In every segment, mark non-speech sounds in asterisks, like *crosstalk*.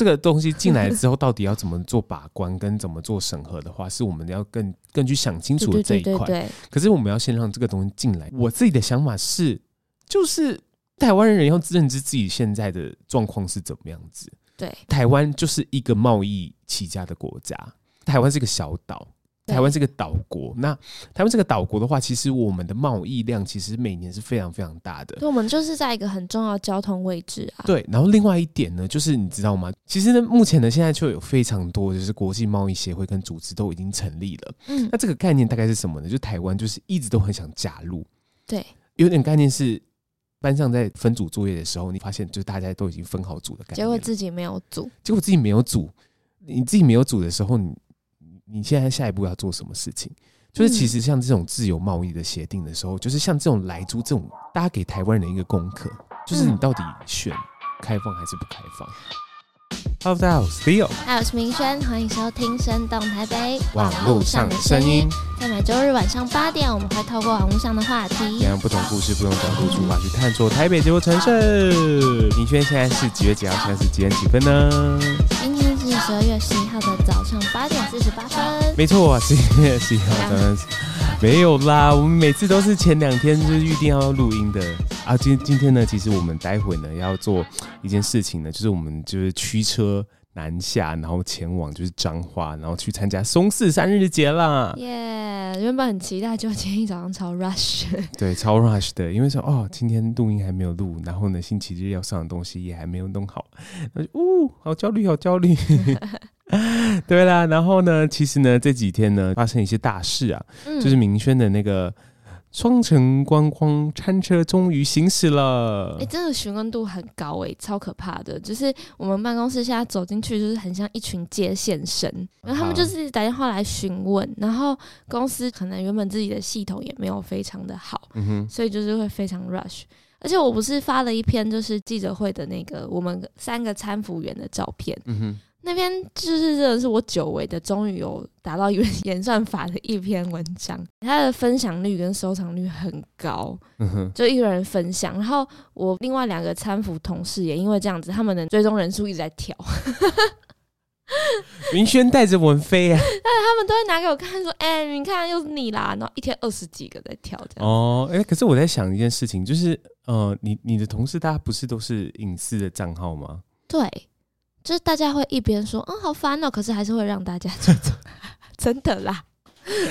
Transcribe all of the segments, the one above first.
這個東西進來之後，到底要怎麼做把關跟怎麼做審核的話，是我們要更更去想清楚的這一塊。可是我們要先讓這個東西進來。我自己的想法是，就是台灣人要認知自己現在的狀況是怎麼樣子。對，台灣就是一個貿易起家的國家，台灣是一個小島。台灣是個島國，那台灣這個島國的話，其實我們的貿易量其實每年是非常非常大的。對，我們就是在一個很重要的交通位置啊。對，然後另外一點呢，就是你知道嗎？其實呢，目前呢，現在就有非常多就是國際貿易協會跟組織都已經成立了。嗯，那這個概念大概是什麼呢？就台灣就是一直都很想加入。對，有點概念是班上在分組作業的時候，你發現就大家都已經分好組的概念，結果自己沒有組，結果自己沒有組，你自己沒有組的時候，你。你現在下一步要做什麼事情？就是其實像這種自由貿易的協定的時候，嗯、就是像這種萊豬這種，大家給台灣人的一個功課，就是你到底選開放還是不開放、嗯、？Hello，大家好，我是 Leo，Hello，我是明萱，歡迎收聽《聲動台北》網絡上的聲音，聲音在每週日晚上八點，我們會透過網絡上的話題，用不同故事、不同角度出發去探索台北這座城市。好明萱現在是幾月幾號？現在是幾點好幾分呢？十二月十一號的早上八點四十八分，沒錯啊，十二月十一號早上， *laughs* 沒有啦，我們每次都是前兩天就是預定要錄音的啊。今今天呢，其實我們待會呢要做一件事情呢，就是我們就是驅車。南下，然後前往就是彰化，然後去參加鬆勢三日節啦。耶，yeah, 原本很期待，就今天早上超 rush，對，超 rush 的，因為說哦，今天錄音還沒有錄，然後呢，星期日要上的東西也還沒有弄好，嗚、哦，好焦慮，好焦慮。 *laughs* 對啦，然後呢，其實呢，這幾天呢，發生一些大事啊，就是明萱的那個。雙層觀光餐車終於行駛了，欸，真的詢問度很高欸，超可怕的，就是我們辦公室現在走進去就是很像一群接線生，然後他們就是打電話來詢問，然後公司可能原本自己的系統也沒有非常的好，嗯哼，所以就是會非常 rush，而且我不是發了一篇就是記者會的那個我們三個餐服員的照片，嗯哼。那邊就是真的是我久違的，終於有達到一個演算法的一篇文章，它的分享率跟收藏率很高，嗯、哼就一個人分享，然後我另外兩個攙扶同事也因為這樣子，他們的追蹤人數一直在跳。明萱帶着文飛啊，但是他們都會拿給我看，說：“哎、欸，你看又是你啦。”然後一天二十幾個在跳，這樣哦。哎、欸，可是我在想一件事情，就是呃，你你的同事大家不是都是隱私的賬號嗎？對。就是大家會一邊說，嗯，好煩惱、喔，可是還是會讓大家 *laughs* 真的啦，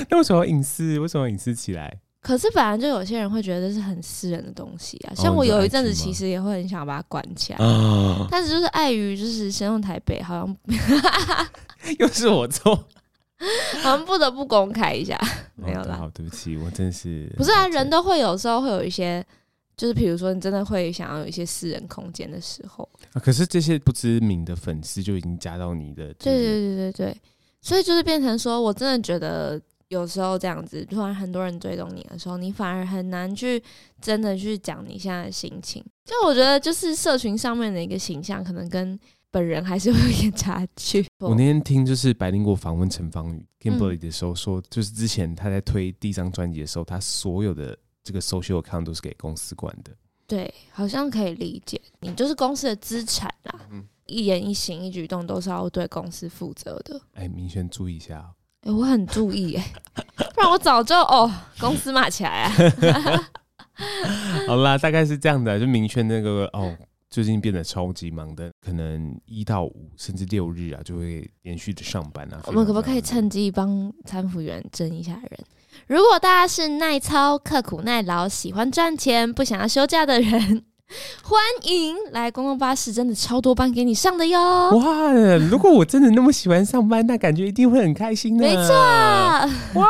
那為什麼隱私？為什麼隱私起來？可是，本來就有些人會覺得這是很私人的東西啊。像我有一陣子，其實也會很想把它關起來、哦、是但是，就是礙於就是先用台北，好像、哦、 *laughs* 又是我錯，好像不得不公開一下。哦、沒有啦，好、哦，對不起，我真是不是啊，人都會有時候會有一些，就是比如說，你真的會想要有一些私人空間的時候。啊！可是這些不知名的粉絲就已經加到你的是不是？對對對對對，所以就是變成說，我真的覺得有時候這樣子，突然很多人追蹤你的時候，你反而很難去真的去講你現在的心情。就我覺得，就是社群上面的一個形象，可能跟本人還是會有一點差距。我，我那天聽就是百靈果訪問陳芳語 Kimberly、嗯、的時候說，就是之前他在推第一張專輯的時候，他所有的這個 social account 都是給公司管的。對，好像可以理解，你就是公司的資產啦，嗯、一言一行一舉動都是要對公司負責的。哎、欸，明萱注意一下，哎、欸，我很注意、欸，哎， *laughs* 不然我早就哦，公司罵起來啊。 *laughs* *laughs* 好啦，大概是這樣的，就明萱那個哦，最近變得超級忙的，可能一到五甚至六日啊，就會連續的上班啊。我們可不可以趁機幫餐服員徵一下人？如果大家是耐操、刻苦耐勞、喜歡賺錢、不想要休假的人，歡迎來公共巴士，真的超多班給你上的喲！哇，如果我真的那麼喜歡上班，那感覺一定會很開心的。沒錯錯，哇，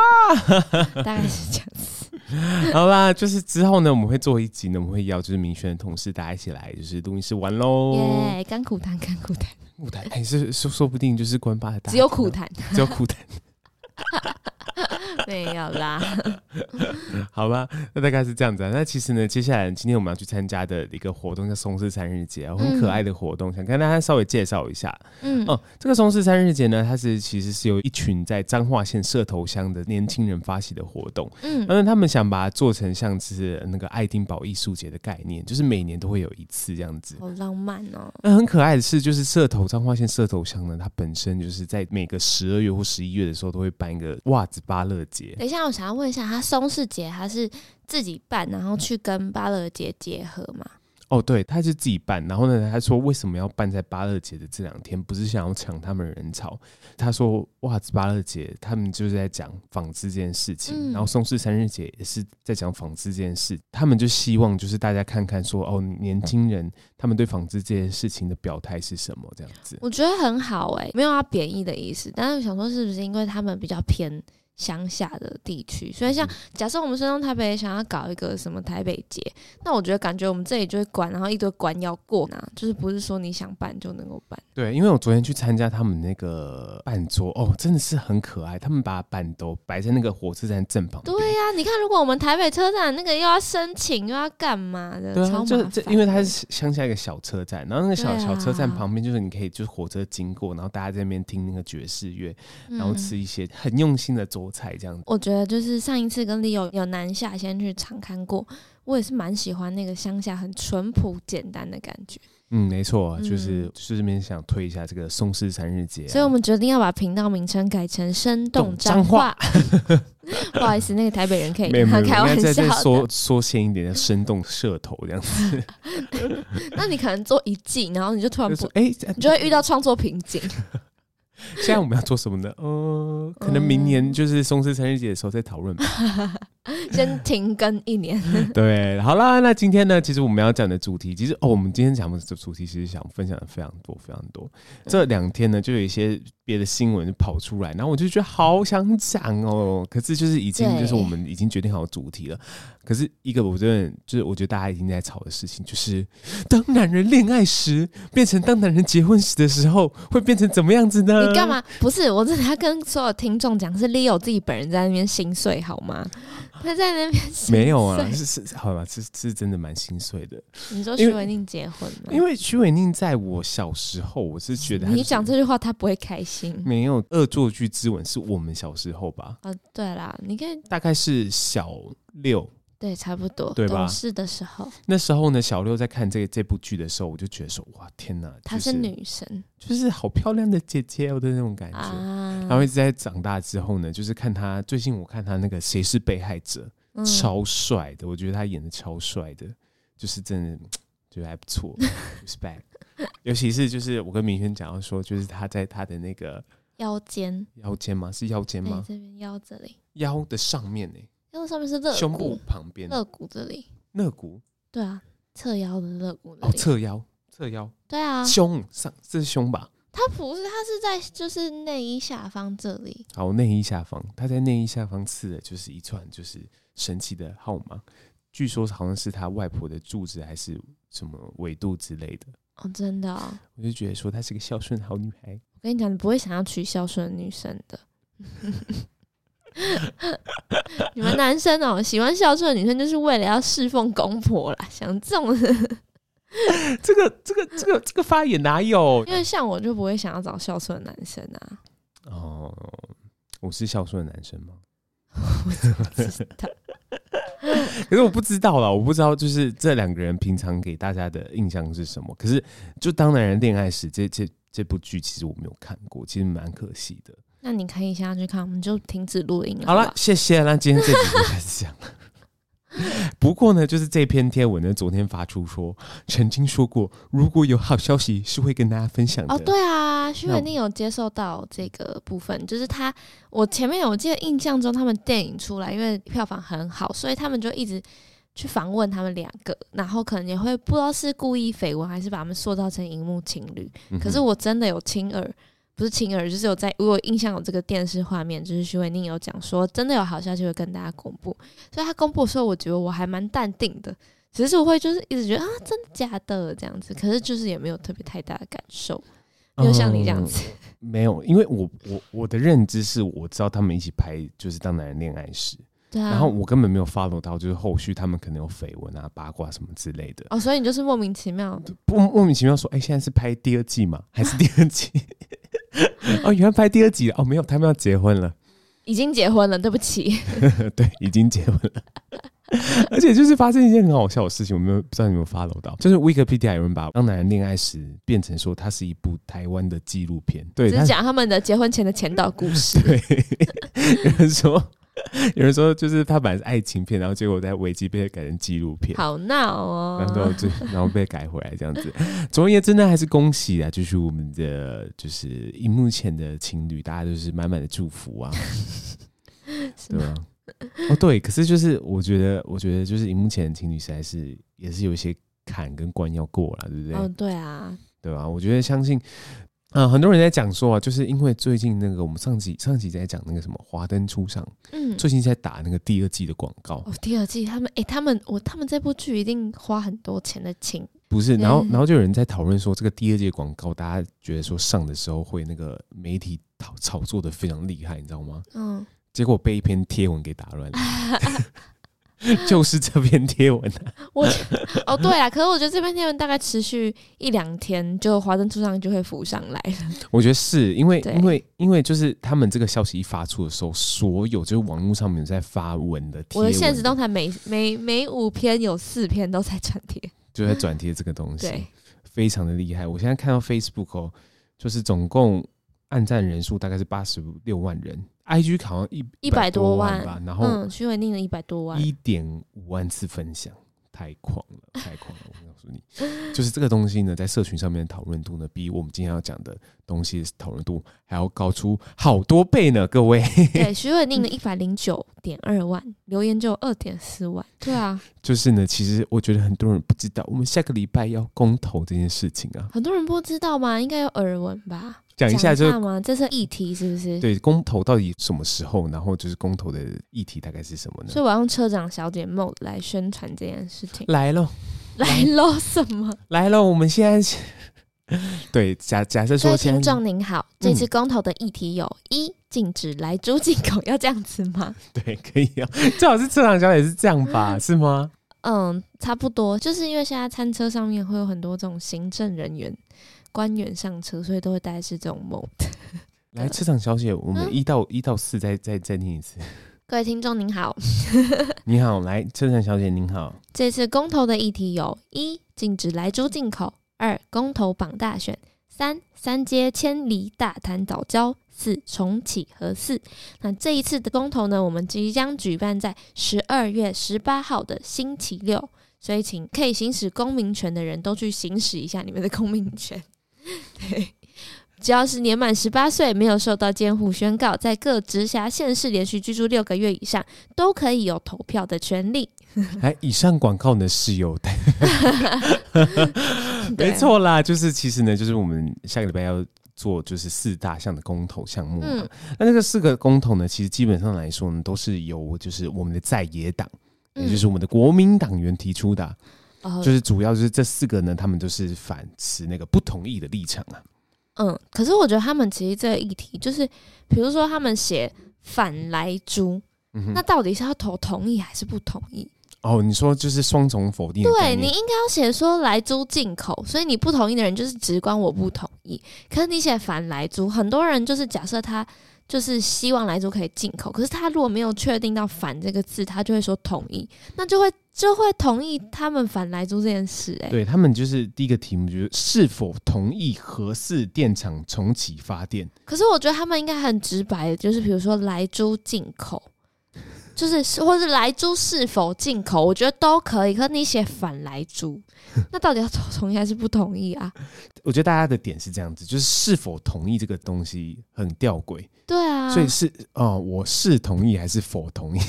大概是這樣子。好吧，就是之後呢，我們會做一集呢，我們會邀就是明萱的同事大家一起來，就是錄音室玩嘍。耶、yeah,，甘苦談，甘苦談，苦、欸、談，你是說說不定就是官八的大，只有苦談，只有苦談。 *laughs* 沒有啦， *laughs* 好吧，那大概是這樣子啊。那其實呢，接下來今天我們要去參加的一個活動叫鬆勢三日節啊，嗯、很可愛的活動，想跟大家稍微介紹一下。嗯哦，這個鬆勢三日節呢，它是其實是由一群在彰化縣社頭鄉的年輕人發起的活動。嗯，然後他們想把它做成像是那個愛丁堡藝術節的概念，就是每年都會有一次這樣子。好浪漫哦！那很可愛的是，就是社頭彰化縣社頭鄉呢，它本身就是在每個十二月或十一月的時候都會辦一個襪子芭樂。等一下，我想要問一下，他鬆勢節他是自己辦，然後去跟芭樂節結合嗎？哦，對，他是自己辦，然後呢，他說為什麼要辦在芭樂節的這兩天，不是想要搶他們人潮？他說，哇，芭樂節他們就是在講紡織這件事情，嗯、然後鬆勢三日節也是在講紡織這件事，他們就希望就是大家看看說，哦，年輕人他們對紡織這件事情的表態是什麼這樣子？我覺得很好哎，沒有啊，貶義的意思，但是我想說是不是因為他們比較偏。鄉下的地區，所以像假設我們山東台北想要搞一個什麼台北節，那我覺得感覺我們這裡就會管，然後一堆關要過吶，就是不是說你想辦就能夠辦。對，因為我昨天去參加他們那個辦桌哦，真的是很可愛，他們把板都擺在那個火車站正旁邊。對呀、啊，你看如果我們台北車站那個又要申請又要幹嘛的，對啊、超麻煩，就這，因為它是鄉下一個小車站，然後那個小、啊、小車站旁邊就是你可以就是火車經過，然後大家在那邊聽那個爵士樂，然後吃一些很用心的做。我，我覺得就是上一次跟里歐有南下先去嘗看過，我也是蠻喜歡那個鄉下很淳樸簡單的感覺。嗯，沒錯，就是順便、嗯、想推一下這個鬆勢三日節、啊，所以我們決定要把頻道名稱改成聲動彰化。化 *laughs* 不好意思，那個台北人可以開開玩笑，再一點的聲動社頭這樣子。 *laughs* *laughs* 那你可能做一季，然後你就突然不哎，就欸、你就會遇到創作瓶頸。 *laughs* 現在我們要做什麼呢？嗯。可能明年就是鬆勢三日節的時候再討論吧，嗯、 *laughs* 先停更一年。對，好啦，那今天呢？其實我們要講的主題，其實哦，我們今天講的主題其實想分享的非常多非常多。對 這兩天呢，就有一些別的新聞就跑出來，然後我就覺得好想講哦，可是就是已經就是我們已經決定好主題了。對 嗯可是，一個我覺得就是，我覺得大家已經在吵的事情，就是當男人戀愛時，變成當男人結婚時的時候，會變成怎麼樣子呢？你幹嘛？不是，我真的他跟所有聽眾講，是 Leo 自己本人在那邊心碎好嗎？他在那邊沒有啊，是是，好吧，這是，是真的蠻心碎的。你說徐偉寧結婚嗎？因為徐偉寧在我小時候，我是覺得、就是、你講這句話，他不會開心。沒有惡作劇之吻，是我們小時候吧？啊，對啦，你看，大概是小六。對，差不多。對吧？懂事的時候，那時候呢，小六在看這個這部劇的時候，我就覺得說，哇，天哪！她、就是、是女神，就是好漂亮的姐姐、哦。」我的那種感覺。啊、然後一直在長大之後呢，就是看她。最近，我看她那個《誰是被害者》嗯，超帥的，我覺得她演的超帥的，就是真的覺得還不錯，respect。尤其是就是我跟明萱講要說，就是她在她的那個腰間間，腰間嗎？是腰間嗎？欸、這邊腰這裡，腰的上面呢。因為上面是肋骨，胸部旁邊肋骨，這裡，肋骨，對啊，側腰的肋骨哦，側腰，側腰，對啊，胸上，這是胸吧？他不是，他是在就是內衣下方這裡。好，內衣下方，他在內衣下方刺的就是一串就是神奇的號碼，據說好像是他外婆的住址還是什麼緯度之類的。哦，真的、哦，我就覺得說她是個孝順好女孩。我跟你講，你不會想要娶孝順女生的。 *laughs* *laughs* 你們男生哦、喔，喜歡孝順的女生就是為了要侍奉公婆啦。想這種、這個，這個這個這個這個發言哪有？因為像我就不會想要找孝順的男生啊。哦，我是孝順的男生嗎？我知道 *laughs* 可是我不知道啦，我不知道，就是這兩個人平常給大家的印象是什麼？可是，就《當男人戀愛時》這這這部劇，其實我沒有看過，其實蠻可惜的。那你可以下去看，我們就停止錄音了。好了，謝謝。那今天這集還是這樣。 *laughs* 不過呢，就是這篇貼文呢，昨天發出說，曾經說過，如果有好消息是會跟大家分享的。哦，對啊，我徐文定有接受到這個部分，就是他，我前面我記得印象中，他們電影出來，因為票房很好，所以他們就一直去訪問他們兩個，然後可能也會不知道是故意緋聞，還是把他們塑造成熒幕情侶。嗯、哼可是我真的有親耳，不是親耳，就是有在。我印象有這個電視畫面，就是許瑋甯有講說，真的有好消息會跟大家公布。所以他公布的時候，我覺得我還蠻淡定的。只是我會就是一直覺得啊，真的假的這樣子。可是就是也沒有特別太大的感受，沒有像你這樣子，嗯。沒有，因為我我我的認知是，我知道他們一起拍，就是當男人戀愛時。啊、然後我根本沒有 follow 到，就是後續他們可能有緋聞啊、八卦什麼之類的哦。所以你就是莫名其妙，莫名其妙說，哎、欸，現在是拍第二季嗎還是第二季？ *laughs* 哦，原來拍第二集了哦，沒有，他們要結婚了，已經結婚了，對不起， *laughs* 對，已經結婚了。 *laughs* 而且就是發生一件很好笑的事情，我沒有不知道你有沒有 follow 到，就是 Wikipedia 有人把當男人戀愛時變成說它是一部台灣的紀錄片，對，只講他們的結婚前的前導故事，對， *laughs* 有人說。有人說，就是他本來是愛情片，然後結果在危機被改成紀錄片，好鬧哦。然後就然後被改回來這樣子。總而言之呢，還是恭喜啊！就是我們的就是熒幕前的情侶，大家就是滿滿的祝福啊， *laughs* 是嗎對嗎？對啊。哦，對。可是就是我覺得，我覺得就是熒幕前的情侶，實在是也是有一些坎跟關要過了，對不對？哦對啊。對啊，我覺得相信。啊，很多人在講說啊，就是因為最近那個我們上期上期在講那個什麼《華燈初上》，嗯，最近在打那個第二季的廣告、哦。第二季他們哎、欸、他們我他們這部劇一定花很多錢的，錢不是，然後、嗯、然後就有人在討論說這個第二季的廣告，大家覺得說上的時候會那個媒體炒炒作的非常厲害，你知道嗎？嗯，結果被一篇貼文給打亂了。啊啊 *laughs* *laughs* 就是這篇貼文、啊、我哦，對啊，可是我覺得這篇貼文大概持續一兩天，就華燈初上就會浮上來了，我覺得是因為對因為因為就是他們這個消息一發出的時候，所有就是網絡上面在發文的貼文，我的限時動態每每每五篇有四篇都在轉貼，就在轉貼這個東西， *laughs* 對非常的厲害。我現在看到 Facebook、哦、就是總共按贊人數大概是八十六萬人。I G 考了一一百多萬吧，然後徐偉寧的一百多萬，一點五萬次分享，太狂了，太狂了！ *laughs* 我告訴你，就是這個東西呢，在社群上面的討論度呢，比我們今天要講的東西討論度還要高出好多倍呢，各位。 *laughs* 對，徐偉寧的一百零九點二萬留言，就有二點四萬。對啊， *laughs* 就是呢，其實我覺得很多人不知道，我們下個禮拜要公投這件事情啊，很多人不知道嗎？應該有耳聞吧。講一下就是，這是議題是不是？對，公投到底什麼時候？然後就是公投的議題大概是什麼呢？所以我要用車長小姐 mode 來宣傳這件事情。來咯，來咯，來咯什麼？來咯，我們現在 *laughs* 對，假假設說，聽眾您好，嗯、這次公投的議題有一，禁止萊豬進口，要這樣子嗎？對，可以啊、哦，最好是車長小姐是這樣吧？ *laughs* 是嗎？嗯，差不多，就是因為現在餐車上面會有很多這種行政人員。官員上車，所以都會帶是這種 mode。來，的車長小姐，我們一到一到四，嗯、再再再聽一次。各位聽眾您好， *laughs* 你好，來，車長小姐您好。這次公投的議題有：一、禁止萊豬進口；二、公投綁大選；三、三接千里大潭藻礁；四、重啟核四。那這一次的公投呢，我們即將舉辦在十二月十八號的星期六，所以請可以行使公民權的人都去行使一下你們的公民權。對只要是年滿十八歲、沒有受到監護宣告，在各直轄縣市連續居住六個月以上，都可以有投票的權利。哎，以上廣告呢是有的， *laughs* *laughs* 對沒錯啦。就是其實呢，就是我們下個禮拜要做就是四大項的公投項目、嗯、那這個四個公投呢，其實基本上來說呢，都是由就是我們的在野黨，嗯、也就是我們的國民黨員提出的。就是主要就是這四個呢，他們都是反持那個不同意的立場啊。嗯，可是我覺得他們其實這個議題就是，比如說他們寫反萊豬，嗯、哼那到底是要投同意還是不同意？哦，你說就是雙重否定？對，你應該要寫說萊豬進口，所以你不同意的人就是直觀我不同意。嗯、可是你寫反萊豬，很多人就是假設他。就是希望萊豬可以進口，可是他如果沒有確定到“反”這個字，他就會說同意，那就會就會同意他們反萊豬這件事，欸。誒，對他們就是第一個題目，就是是否同意核四電廠重啟發電？可是我覺得他們應該很直白，就是比如說萊豬進口。就是，或是萊豬是否進口，我覺得都可以。可是你寫反萊豬，那到底要同意還是不同意啊？我覺得大家的點是這樣子，就是是否同意這個東西很弔詭。對啊，所以是哦，我是同意還是否同意？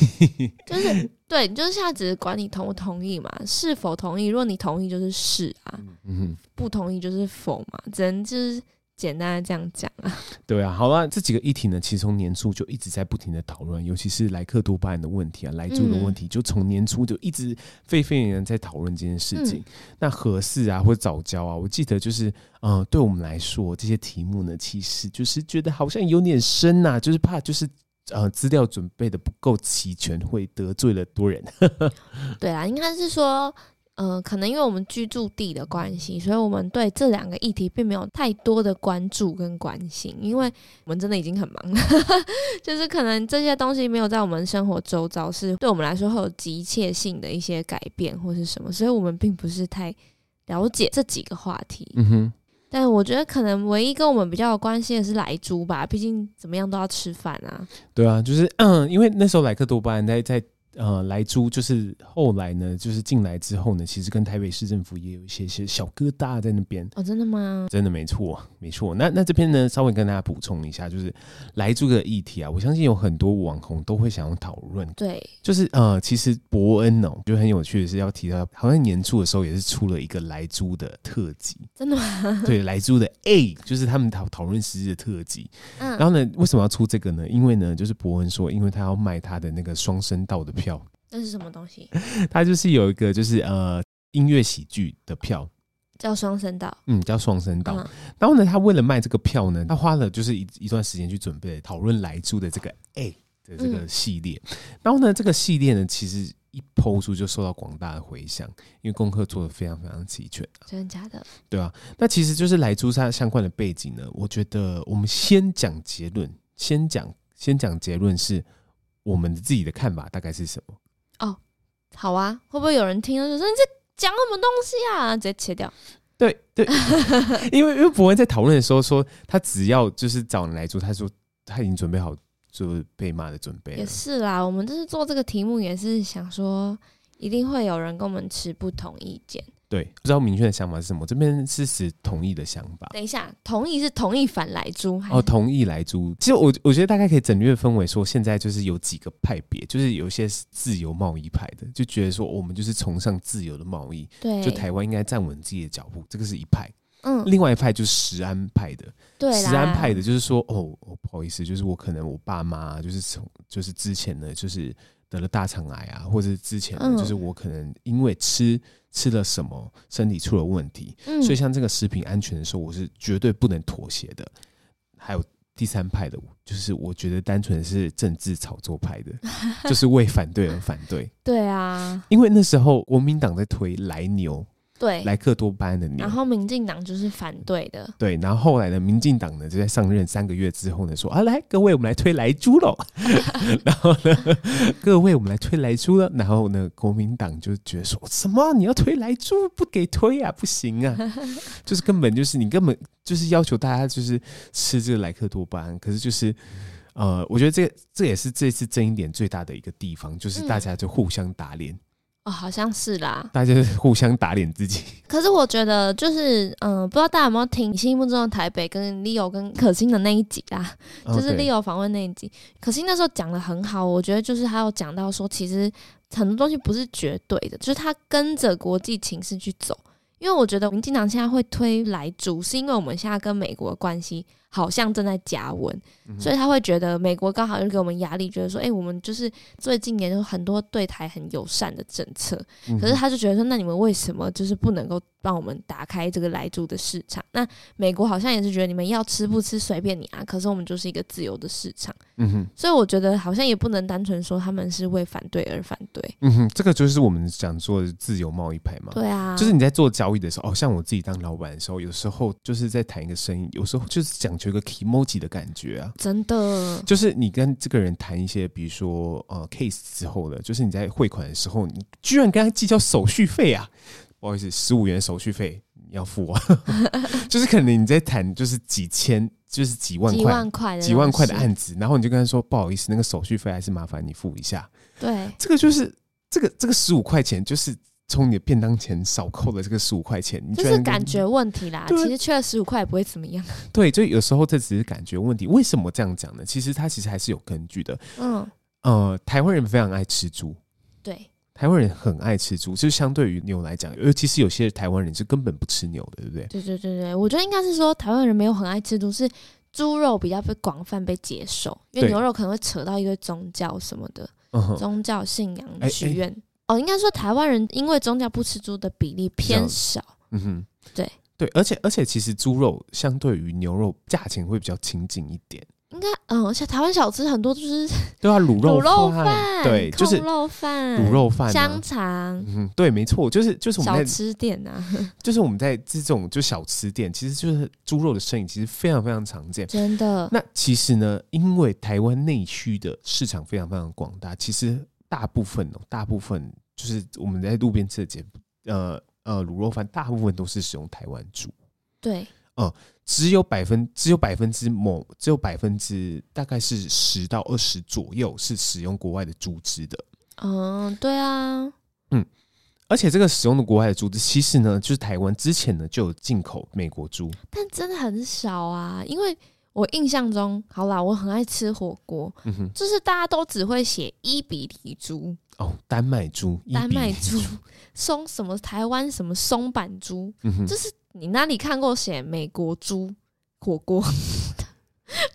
就是對，就是現在只是管你同不同意嘛，是否同意？如果你同意就是是啊，嗯哼，不同意就是否嘛，只能就是。簡單的這樣講啊，對啊，好了，這幾個議題呢，其實從年初就一直在不停的討論，尤其是萊克多巴胺的問題啊，萊豬的問題，嗯、就從年初就一直沸沸揚揚在討論這件事情。嗯、那核四啊，或者藻礁啊，我記得就是，嗯、呃，對我們來說，這些題目呢，其實就是覺得好像有點深吶、啊，就是怕就是，呃，資料準備的不夠齊全，會得罪了多人。呵呵對啊，應該是說。嗯、呃，可能因為我們居住地的關係，所以我們對這兩個議題並沒有太多的關注跟關心，因為我們真的已經很忙了， *laughs* 就是可能這些東西沒有在我們生活周遭是對我們來說會有急切性的一些改變或是什麼，所以我們並不是太了解這幾個話題。嗯哼，但我覺得可能唯一跟我們比較有關係的是萊豬吧，畢竟怎麼樣都要吃飯啊。對啊，就是嗯，因為那時候萊克多巴胺在在。在呃，萊豬就是後來呢，就是進來之後呢,其實跟台北市政府也有一些些小疙瘩在那邊。哦，真的嗎？真的沒錯，沒錯。那那這邊呢，稍微跟大家補充一下，就是萊豬的議題啊，我相信有很多網紅都會想要討論。對，就是呃，其實博恩哦、喔，就很有趣的是要提到，好像年初的時候也是出了一個萊豬的特輯。真的嗎？對，萊豬的 A，就是他們討討論時的特輯。嗯、然後呢，為什麼要出這個呢？因為呢，就是博恩說，因為他要賣他的那個雙聲道的。票，那是什麼東西？他 *laughs* 就是有一個，就是呃，音樂喜劇的票，叫雙聲道，嗯，叫雙聲道。嗯、然後呢，他為了賣這個票呢，他花了就是一一段時間去準備討論萊豬的這個 A 的這個系列。嗯、然後呢，這個系列呢，其實一拋出就受到廣大的回響，因為功課做得非常非常齊全，啊，真的假的？對啊。那其實就是萊豬他相關的背景呢，我覺得我們先講結論，先講先講結論是。我們自己的看法大概是什麼？哦，好啊，會不會有人聽了就說，你在講什麼東西啊？直接切掉。對對，對 *laughs* 因為因為博文在討論的時候說，他只要就是找人來做，他說他已經準備好做被罵的準備。也是啦，我們就是做這個題目，也是想說一定會有人跟我們持不同意見。對，不知道明確的想法是什麼？這邊是持同意的想法。等一下，同意是同意反萊豬還是？哦，同意萊豬。其實我我覺得大概可以整略分為說，現在就是有幾個派別，就是有些是自由貿易派的，就覺得說我們就是崇尚自由的貿易，對，就台灣應該站穩自己的腳步，這個是一派。嗯，另外一派就是食安派的，對啦，食安派的就是說哦，哦，不好意思，就是我可能我爸媽就是從就是之前呢就是。得了大腸癌啊，或者之前、嗯、就是我可能因為吃吃了什麼，身體出了問題，嗯、所以像這個食品安全的時候，我是絕對不能妥協的。還有第三派的，就是我覺得單純是政治炒作派的， *laughs* 就是為反對而反對。對啊，因為那時候國民黨在推萊牛。對，萊克多巴胺的，然後民進黨就是反對的。對，然後後來呢，民進黨呢就在上任三個月之後呢，說啊，來各位，我們來推萊豬嘍。 *laughs* 然後呢，各位，我們來推萊豬了。然後呢，國民黨就覺得說，什麼你要推萊豬？不給推啊，不行啊， *laughs* 就是根本就是你根本就是要求大家就是吃這個萊克多巴胺，可是就是呃，我覺得這這也是這次爭議點最大的一個地方，就是大家就互相打臉。嗯。哦，oh, 好像是啦，大家就是互相打臉自己。 *laughs* 可是我覺得，就是嗯、呃，不知道大家有沒有聽你心目中的台北跟 Leo 跟可心的那一集啦？Oh, 就是 Leo 訪問那一集，對可心那時候講得很好，我覺得就是他有講到說，其實很多東西不是絕對的，就是他跟着國際情勢去走。因為我覺得我們經常現在會推萊豬，是因為我們現在跟美國的關係。好像正在加溫，嗯、哼所以他會覺得美國剛好又給我們壓力，覺得說，哎、欸，我們就是最近年有很多對台很友善的政策，嗯、哼可是他就覺得說，那你們為什麼就是不能夠幫我們打開這個萊豬的市場？那美國好像也是覺得你們要吃不吃隨便你啊，嗯、哼可是我們就是一個自由的市場，嗯哼，所以我覺得好像也不能單純說他們是為反對而反對，嗯哼，這個就是我們講做自由貿易派嘛，對啊，就是你在做交易的時候，哦，像我自己當老闆的時候，有時候就是在談一個生意，有時候就是講。有一個 emoji 的感覺啊，真的，就是你跟這個人談一些，比如說呃 case 之後的，就是你在匯款的時候，你居然跟他計較手續費啊？不好意思，十五元手續費你要付啊， *laughs* 就是可能你在談就是幾千，就是幾萬塊、幾萬塊、幾萬塊的案子，然後你就跟他說不好意思，那個手續費還是麻煩你付一下。對，這個就是這個這個十五塊錢就是。從你的便當錢少扣了這個十五塊錢，就是感覺問題啦。對。其實缺了十五塊也不會怎麼樣。對，就有時候這只是感覺問題。為什麼這樣講呢？其實它其實還是有根據的。嗯，呃，台灣人非常愛吃豬。對，台灣人很愛吃豬，就相對於牛來講，尤其是有些台灣人是根本不吃牛的，對不對？對對對對，我覺得應該是說台灣人沒有很愛吃豬，是豬肉比較被廣泛被接受，因為牛肉可能會扯到一個宗教什麼的，嗯、宗教信仰許願。欸欸哦，應該說台灣人因為宗教，不吃豬的比例偏少，嗯哼，對對，而且而且其實豬肉相對於牛肉，價錢會比較親近一點。應該嗯，而且台灣小吃很多就是對啊，滷肉滷肉飯，對，肉，對，就是滷肉飯、啊、滷肉飯、香腸，嗯哼，對，沒錯，就是就是我們在小吃店吶、啊，就是我們在這種就小吃店，其實就是豬肉的身影其實非常非常常見，真的。那其實呢，因為台灣內需的市場非常非常廣大，其實大部分哦、喔，大部分。就是我們在路邊吃的呃呃，滷、呃、肉飯大部分都是使用台灣豬，對，嗯、呃，只有百分只有百分之某只有百分之大概是十到二十左右是使用國外的豬只的，嗯，對啊，嗯，而且這個使用的國外的豬只，其實呢，就是台灣之前呢就有進口美國豬，但真的很少啊，因為我印象中，好啦，我很愛吃火鍋，嗯哼就是大家都只會寫伊比利豬。哦，丹麥豬，丹麥豬，松什麼台灣什麼松板豬，就、嗯、哼是你哪裡看過寫美國豬火鍋 *laughs*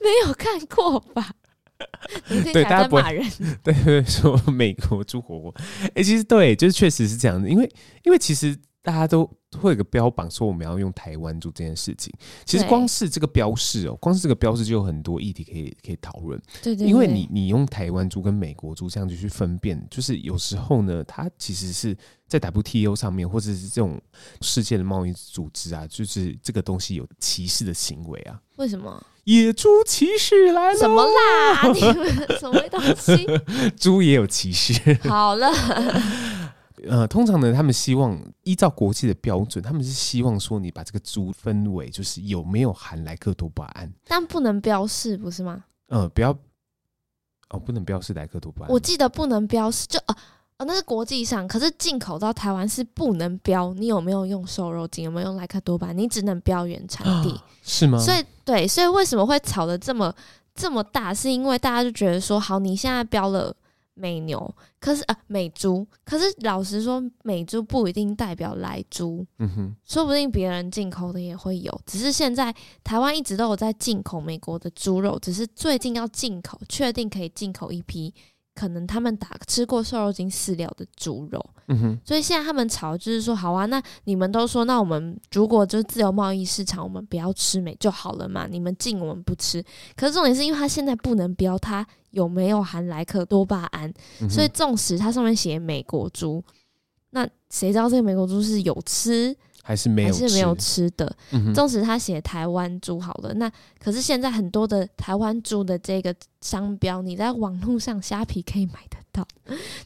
沒有看過吧？你人對，大家不罵人，對，說美國豬火鍋，誒、欸，其實對，就是確實是這樣子，因為因為其實。大家都會有一個標榜，說我們要用台灣豬這件事情。其實光是這個標示哦、喔，光是這個標示就有很多議題可以可以討論。對對，對，因為你你用台灣豬跟美國豬這樣子去分辨，就是有時候呢，它其實是在 WTO 上面或者是這種世界的貿易組織啊，就是這個東西有歧視的行為啊。為什麼野豬歧視來了？什麼啦？你們什麼東西？豬 *laughs* 也有歧視？ *laughs* 好了。呃，通常呢，他們希望依照國際的標準，他們是希望說你把這個豬分為就是有沒有含萊克多巴胺，但不能標示，不是嗎？呃，不要，哦，不能標示萊克多巴胺。我記得不能標示，就哦哦、呃呃，那是國際上，可是進口到台灣是不能標你有沒有用瘦肉精，有沒有用萊克多巴胺，你只能標原產地。啊，是嗎？所以對，所以為什麼會炒得這麼這麼大，是因為大家就覺得說，好，你現在標了。美牛，可是呃美豬，可是老實說，美豬不一定代表萊豬，嗯哼，說不定別人進口的也會有。只是現在台灣一直都有在進口美國的豬肉，只是最近要進口，確定可以進口一批。可能他們打吃過瘦肉精飼料的豬肉，嗯、哼所以現在他們炒就是說，好啊，那你們都說，那我們如果就是自由貿易市場，我們不要吃美就好了嘛，你們禁我們不吃。可是重點是因為他現在不能標它有沒有含萊克多巴胺，嗯、哼所以縱使它上面寫美國豬，那誰知道這個美國豬是有吃，還是沒有，還是沒有吃的。嗯哼。縱使他寫台灣豬好了，那可是現在很多的台灣豬的這個商標，你在網絡上蝦皮可以買得到，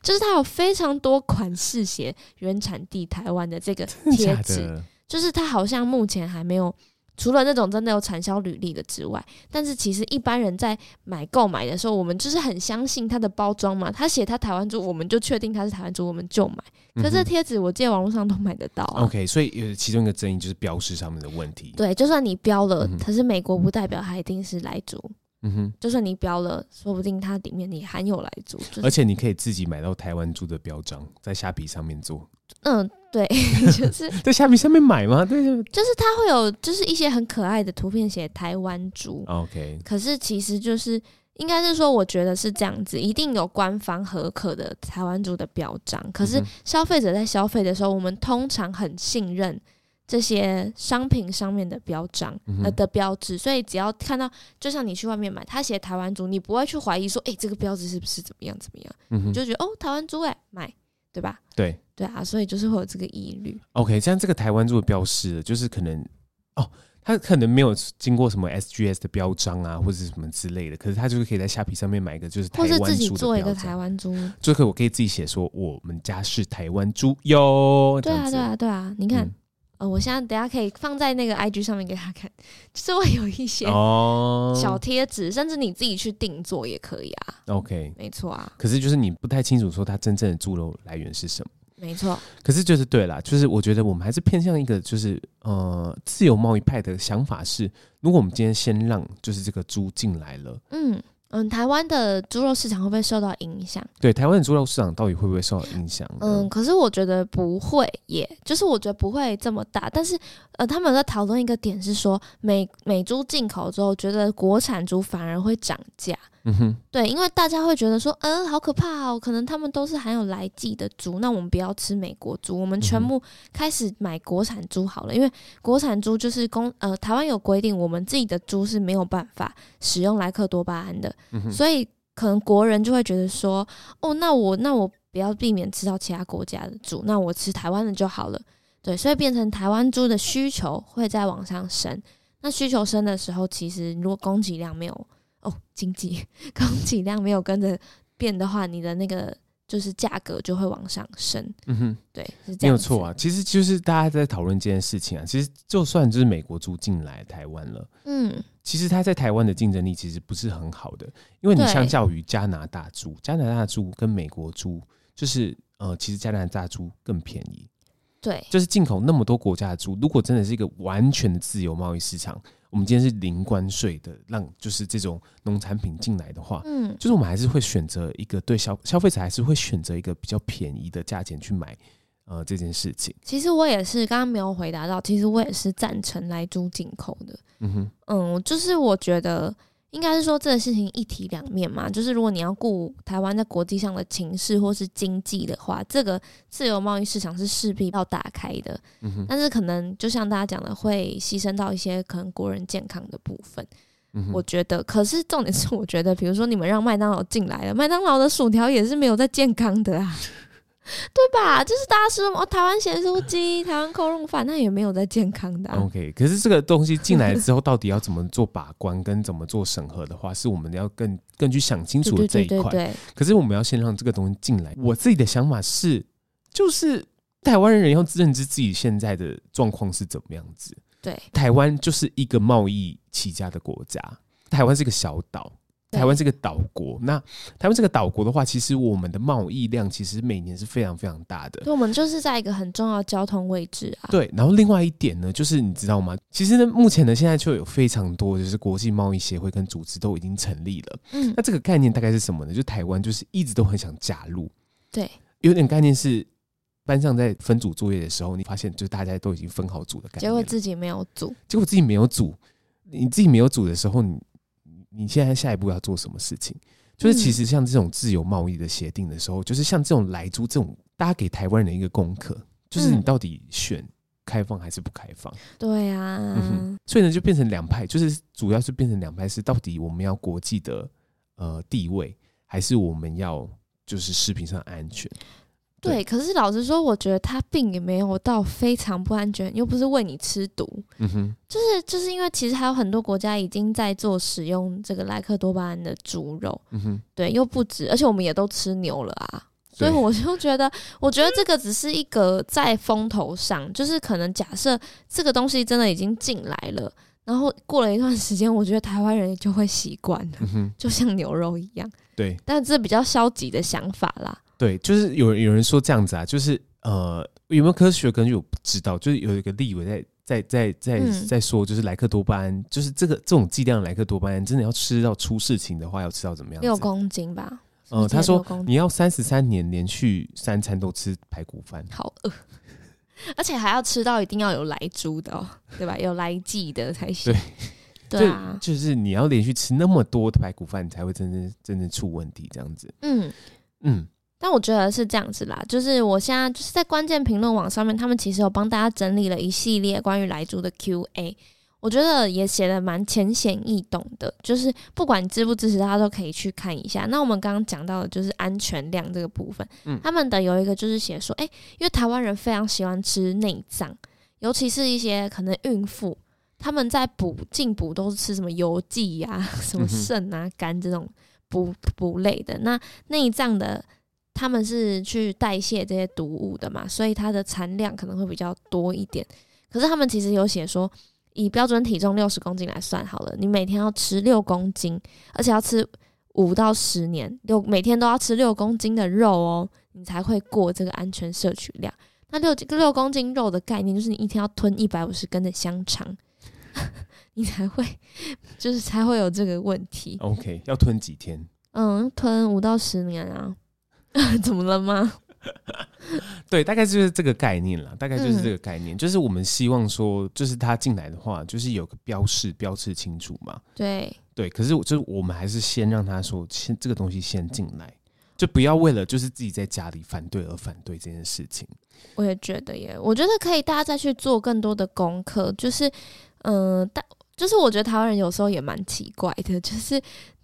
就是它有非常多款式寫原產地台灣的這個貼紙，就是它好像目前還沒有。除了那種真的有產銷履歷的之外，但是其實一般人在買購買的時候，我們就是很相信他的包裝嘛。他寫他台灣豬，我們就確定他是台灣豬，我們就買。可是這貼紙我見網絡上都買得到啊。嗯。OK，所以有其中一個爭議就是標示上面的問題。對，就算你標了，可是美國不代表他一定是萊豬。嗯嗯哼，就算你標了，說不定它裡面你含有萊豬。就是、而且你可以自己買到台灣豬的標章，在蝦皮上面做。嗯，對，就是 *laughs* 在蝦皮上面買嗎？對。就是它會有，就是一些很可愛的圖片寫台灣豬。OK。可是其實，就是應該是說，我覺得是這樣子，一定有官方核可的台灣豬的標章。可是消費者在消費的時候，我們通常很信任。這些商品上面的標章、嗯、哼呃的標誌，所以只要看到，就像你去外面買，他寫台灣豬，你不會去懷疑說，哎、欸，這個標誌是不是怎麼樣怎麼樣？嗯、哼你就覺得哦，台灣豬哎，買，對吧？對對啊，所以就是會有這個疑慮。OK，像這，這個台灣豬的標識，就是可能哦，它可能沒有經過什麼 SGS 的標章啊，或者什麼之類的，可是它就是可以在蝦皮上面買一個就是台灣豬的，或者自己做一個台灣豬，可以，我可以自己寫說，我們家是台灣豬喲。對啊，對啊，對啊，你看。嗯呃、哦，我現在等下可以放在那個 I G 上面給他看，就是會有一些小貼紙，哦、甚至你自己去定做也可以啊。OK，沒錯啊。可是就是你不太清楚說它真正的豬肉來源是什麼。沒錯。可是就是對啦，就是我覺得我們還是偏向一個就是呃自由貿易派的想法是，如果我們今天先讓就是這個豬進來了，嗯。嗯，台灣的豬肉市場會不會受到影響？對，台灣的豬肉市場到底會不會受到影響？嗯，可是我覺得不會耶，也就是我覺得不會這麼大。但是呃，他們在討論一個點是說，美美豬進口之後，覺得國產豬反而會漲價。嗯哼，對，因為大家會覺得說，嗯、呃，好可怕哦、喔，可能他們都是含有萊劑的豬，那我們不要吃美國豬，我們全部開始買國產豬好了，因為國產豬就是公呃，台灣有規定，我們自己的豬是沒有辦法使用萊克多巴胺的。嗯、所以可能國人就會覺得說，哦，那我那我不要避免吃到其他國家的豬，那我吃台灣的就好了。對，所以變成台灣豬的需求會再往上升。那需求升的時候，其實如果供給量沒有哦，經濟供給量沒有跟着變的話，你的那個。就是價格就會往上升，嗯哼，對，是這樣。沒有錯啊。其實就是大家在討論這件事情啊。其實就算就是美國豬進來台灣了，嗯，其實它在台灣的競爭力其實不是很好的，因為你相較於加拿大豬，對加拿大豬跟美國豬，就是呃，其實加拿大豬更便宜，對，就是進口那麼多國家的豬，如果真的是一個完全的自由貿易市場。我們今天是零關稅的，讓就是這種農產品進來的話，嗯，就是我們還是會選擇一個對消消費者還是會選擇一個比較便宜的價錢去買，呃，這件事情。其實我也是剛剛沒有回答到，其實我也是贊成萊豬進口的，嗯哼，嗯，就是我覺得。應該是說這個事情一體兩面嘛，就是如果你要顧台灣在國際上的情勢或是經濟的話，這個自由貿易市場是勢必要打開的。嗯、哼但是可能就像大家講的，會犧牲到一些可能國人健康的部分。嗯、哼我覺得，可是重點是，我覺得，比如說你們讓麥當勞進來了，麥當勞的薯條也是沒有在健康的啊。對吧？就是大師，哦，台灣鹹酥雞，台灣扣肉飯，那也沒有在健康的啊。OK，可是這個東西進來之後，到底要怎麼做把關，跟怎麼做審核的話， *laughs* 是我們要更更去想清楚的這一塊。對，對，對。可是我們要先讓這個東西進來。我自己的想法是，就是台灣人要認知自己現在的狀況是怎麼樣子。對，台灣就是一個貿易起家的國家，台灣是個小島。台灣這個島國，對那台灣這個島國的話，其實我們的貿易量其實每年是非常非常大的。對，我們就是在一個很重要的交通位置啊。對，然後另外一點呢，就是你知道嗎？其實呢，目前呢，現在就有非常多就是國際貿易協會跟組織都已經成立了。嗯，那這個概念大概是什麼呢？就台灣就是一直都很想加入。對，有點概念是班上在分組作業的時候，你發現就大家都已經分好組的概念，結果自己沒有組，結果自己沒有組，你自己沒有組的時候，你。你現在下一步要做什麼事情？就是其實像這種自由貿易的協定的時候，嗯、就是像這種萊豬這種，大家給台灣人的一個功課，就是你到底選開放還是不開放？嗯、對呀、啊嗯，所以呢就變成兩派，就是主要是變成兩派是到底我們要國際的呃地位，還是我們要就是食品上安全？對，可是老實說，我覺得它並沒有到非常不安全，又不是餵你吃毒。嗯哼就是就是因為其實還有很多國家已經在做使用這個萊克多巴胺的豬肉。嗯哼對，又不止，而且我們也都吃牛了啊，對所以我就覺得，我覺得這個只是一個在風頭上，就是可能假設這個東西真的已經進來了，然後過了一段時間，我覺得台灣人就會習慣、啊，嗯、哼就像牛肉一樣。對，但這比較消極的想法啦。對，就是有人有人說這樣子啊，就是呃，有沒有科學根據我不知道，就是有一個立委在在在在在說，就是萊克多巴胺，嗯、就是這個這種劑量的萊克多巴胺真的要吃到出事情的話，要吃到怎麼樣？六公斤吧。嗯、呃，他說你要三十三年連續三餐都吃排骨飯，好餓、呃，而且還要吃到一定要有萊豬的、哦，對吧？有來雞的才行。對，對啊就，就是你要連續吃那麼多的排骨飯，你才會真正真正出問題這樣子。嗯嗯。嗯但我覺得是這樣子啦，就是我現在就是在關鍵評論網上面，他們其實有幫大家整理了一系列關於萊豬的 Q&A，我覺得也寫得蠻淺顯易懂的，就是不管支不支持，大家都可以去看一下。那我們剛剛講到的就是安全量這個部分，他們的有一個就是寫說，誒、欸，因為台灣人非常喜歡吃內臟，尤其是一些可能孕婦他們在補進補都是吃什麼油雞呀、啊、什麼腎啊、肝這種補補類的，那內臟的。他們是去代謝這些毒物的嘛，所以它的殘量可能會比較多一點。可是他們其實有寫說，以標準體重六十公斤來算好了，你每天要吃六公斤，而且要吃五到十年，六每天都要吃六公斤的肉哦，你才會過這個安全攝取量。那六六公斤肉的概念，就是你一天要吞一百五十根的香腸，你才會就是才會有這個問題。OK，要吞幾天？嗯，吞五到十年啊。 *laughs* 怎麼了嗎？ *laughs* 對，大概就是這個概念了。大概就是這個概念，嗯、就是我們希望說，就是他進來的話，就是有個標示，標示清楚嘛。對對，可是我就是我們還是先讓他說，先這個東西先進來，就不要為了就是自己在家裡反對而反對這件事情。我也覺得耶，我覺得可以，大家再去做更多的功課。就是，嗯、呃，但就是我覺得台灣人有時候也蠻奇怪的，就是，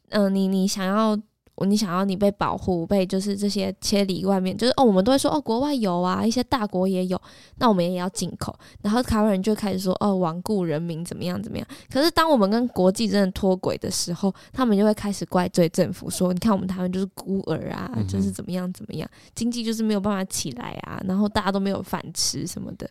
嗯、呃，你你想要。你想要你被保護，被就是這些切離外面，就是哦，我們都會說哦，國外有啊，一些大國也有，那我們也要進口。然後台灣人就開始說哦，罔顧人民怎麼樣怎麼樣。可是當我們跟國際真的脫軌的時候，他們就會開始怪罪政府，說你看我們台灣就是孤兒啊，就是怎麼樣怎麼樣，嗯、哼經濟就是沒有辦法起來啊，然後大家都沒有飯吃什麼的。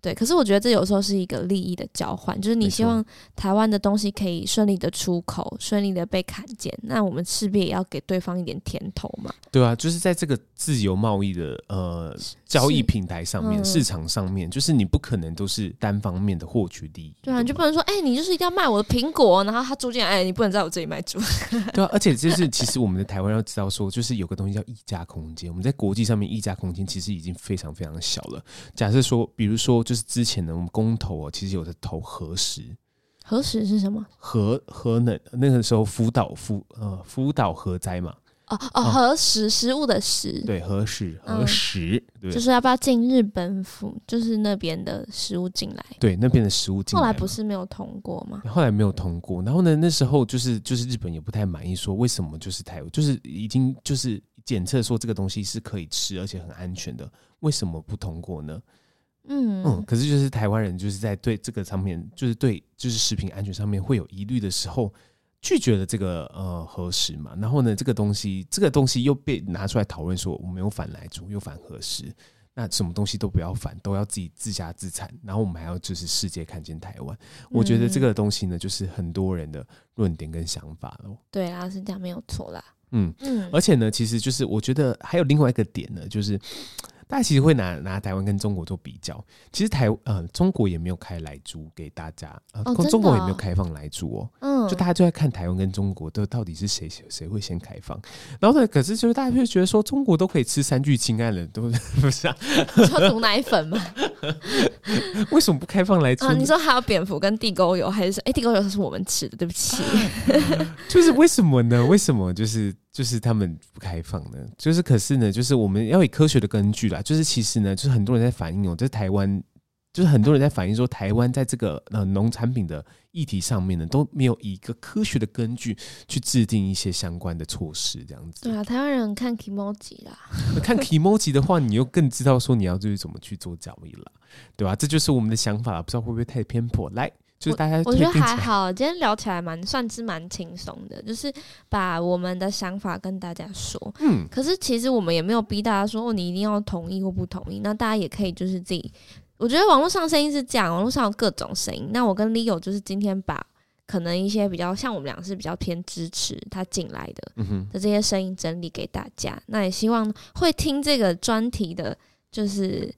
對，可是我覺得這有時候是一個利益的交換，就是你希望台灣的東西可以順利的出口，順錯利的被看見，那我們勢必也要給對方一點甜頭嘛。對啊，就是在這個自由貿易的呃交易平台上面、嗯、市場上面，就是你不可能都是單方面的獲取利益。對啊，你吧就不能說哎、欸，你就是一定要賣我的蘋果，然後他租進來，哎、欸，你不能在我這裡賣豬。 *laughs* 對啊，而且就是其實我們的台灣要知道說，就是有個東西叫議價空間，我們在國際上面議價空間其實已經非常非常小了。假設說，比如說。就是之前呢我們公投啊、喔，其實有的投核食，核食是什麼？核核那那個時候福島福呃、嗯、福島核災嘛。哦哦，核食食、啊、食物的食，對核食、嗯、核食，對就是要不要進日本府？就是那邊的食物進來？對，那邊的食物進來。後來不是沒有通過嗎？後來沒有通過。然後呢？那時候就是就是日本也不太滿意說，說為什麼就是台就是已經就是檢測說這個東西是可以吃而且很安全的，為什麼不通過呢？嗯嗯，嗯，可是就是台灣人就是在對這個上面，就是對就是食品安全上面會有疑慮的時候，拒絕了這個呃核食嘛。然後呢，這個東西這個東西又被拿出來討論說，我們又反萊豬，又反核食，那什麼東西都不要反，都要自己自家自產。然後我們還要就是世界看見台灣，嗯、我覺得這個東西呢，就是很多人的論點跟想法嘍。對啊，是這樣沒有錯啦。嗯嗯，嗯，而且呢，其實就是我覺得還有另外一個點呢，就是。大家其實會拿拿台灣跟中國做比較，其實台呃中國也沒有開萊豬給大家、呃哦、中國也沒有開放萊豬、喔、哦、哦，嗯，就大家就在看台灣跟中國的到底是誰誰誰會先開放，然後呢，可是就是大家就覺得說中國都可以吃三聚氰胺了，都、嗯、不是啊，你說毒奶粉嗎？為什麼不開放萊豬啊、哦？你說還有蝙蝠跟地溝油還是？誒、欸，地溝油是我們吃的，對不起、啊，就是為什麼呢？為什麼就是？就是他們不開放的，就是可是呢，就是我們要以科學的根據啦。就是其實呢，就是很多人在反映哦、喔，就是台灣就是很多人在反映說，台灣在這個呃農產品的議題上面呢，都沒有以一個科學的根據去制定一些相關的措施，這樣子。對啊，台灣人很看 kimoji 啦， *laughs* 看 kimoji 的話，你又更知道說你要就是怎麼去做交易了，對吧、啊？這就是我們的想法了，不知道會不會太偏頗？來。就我，我覺得還好。今天聊起來蠻算是蠻輕鬆的，就是把我們的想法跟大家說。可是其實我們也沒有逼大家說哦，你一定要同意或不同意。那大家也可以就是自己，我覺得網絡上聲音是這樣，網絡上有各種聲音。那我跟 Leo 就是今天把可能一些比較像我們倆是比較偏支持他進來的的這些聲音整理給大家。那也希望會聽這個專題的，就是。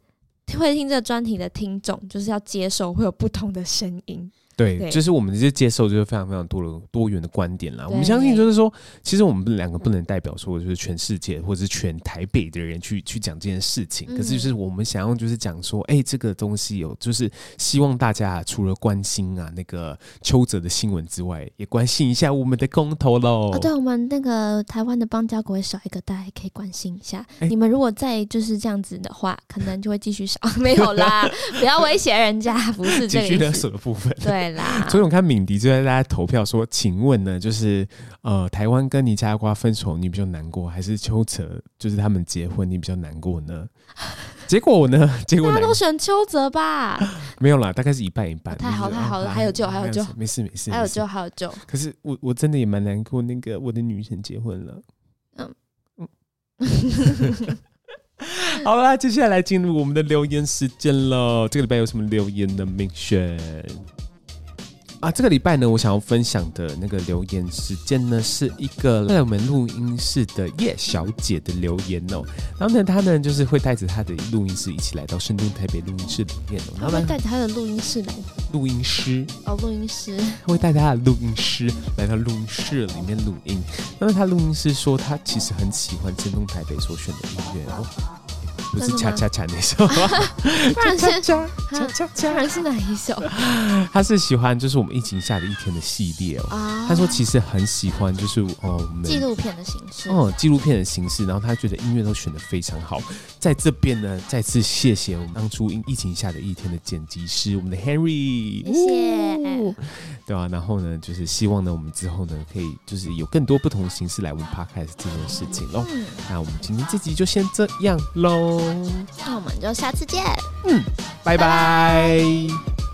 會聽這個專題的聽眾，就是要接受會有不同的聲音。對，對就是我們是接受，就是非常非常多的多元的觀點啦。對我們相信，就是說，其實我們兩個不能代表說就是全世界，或者是全台北的人去去講這件事情。嗯、可是，就是我們想要就是講說，哎、欸，這個東西有，就是希望大家除了關心啊那個邱澤的新聞之外，也關心一下我們的公投嘍。啊、哦，對，我們那個台灣的邦交國會少一個，大家也可以關心一下。欸、你們如果再就是這樣子的話，可能就會繼續少，沒有啦， *laughs* 不要威脅人家，不是這個。繼續勒索的部分，對。所以，我看敏迪就在大家投票說：“請問呢，就是呃，台灣跟尼加瓜分手，你比較難過，還是邱澤就是他們結婚，你比較難過呢？”結果我呢，結果他們都選邱澤吧？沒有啦，大概是一半一半。哦、太好太好了，還有救，還有救。沒事沒事，還有救，事還有救。事有救，可是我我真的也蠻難過，那個我的女神結婚了。嗯 *laughs* *laughs* 好啦，接下來進入我們的留言時間了。這個禮拜有什麼留言的明萱？啊，這個禮拜呢，我想要分享的那個留言時間呢，是一個在我們錄音室的葉小姐的留言哦、喔。然後呢，她呢就是會帶着她的錄音師一起來到聲動台北錄音室裡面哦、喔。然後呢會帶着她的錄音室來錄音師哦，錄音師會帶她的錄音師來到錄音室裡面錄音。那麼她錄音師說，她其實很喜歡聲動台北所選的音樂哦、喔。不是恰恰恰那一首嗎？啊，不然恰恰，恰恰恰，啊、恰還是哪一首？他是喜歡就是我們疫情下的一天的系列哦。哦，他說其實很喜歡就是哦，我們紀錄片的形式，哦、嗯，紀錄片的形式。然後他覺得音樂都選得非常好。在這邊呢，再次謝謝我們當初疫情下的一天的剪輯師，我們的 Henry，謝謝。哦對啊，然後呢，就是希望呢，我們之後呢，可以就是有更多不同形式來問 Podcast 這件事情哦，嗯、那我們今天這集就先這樣嘍，那我們就下次見，嗯，拜拜。Bye bye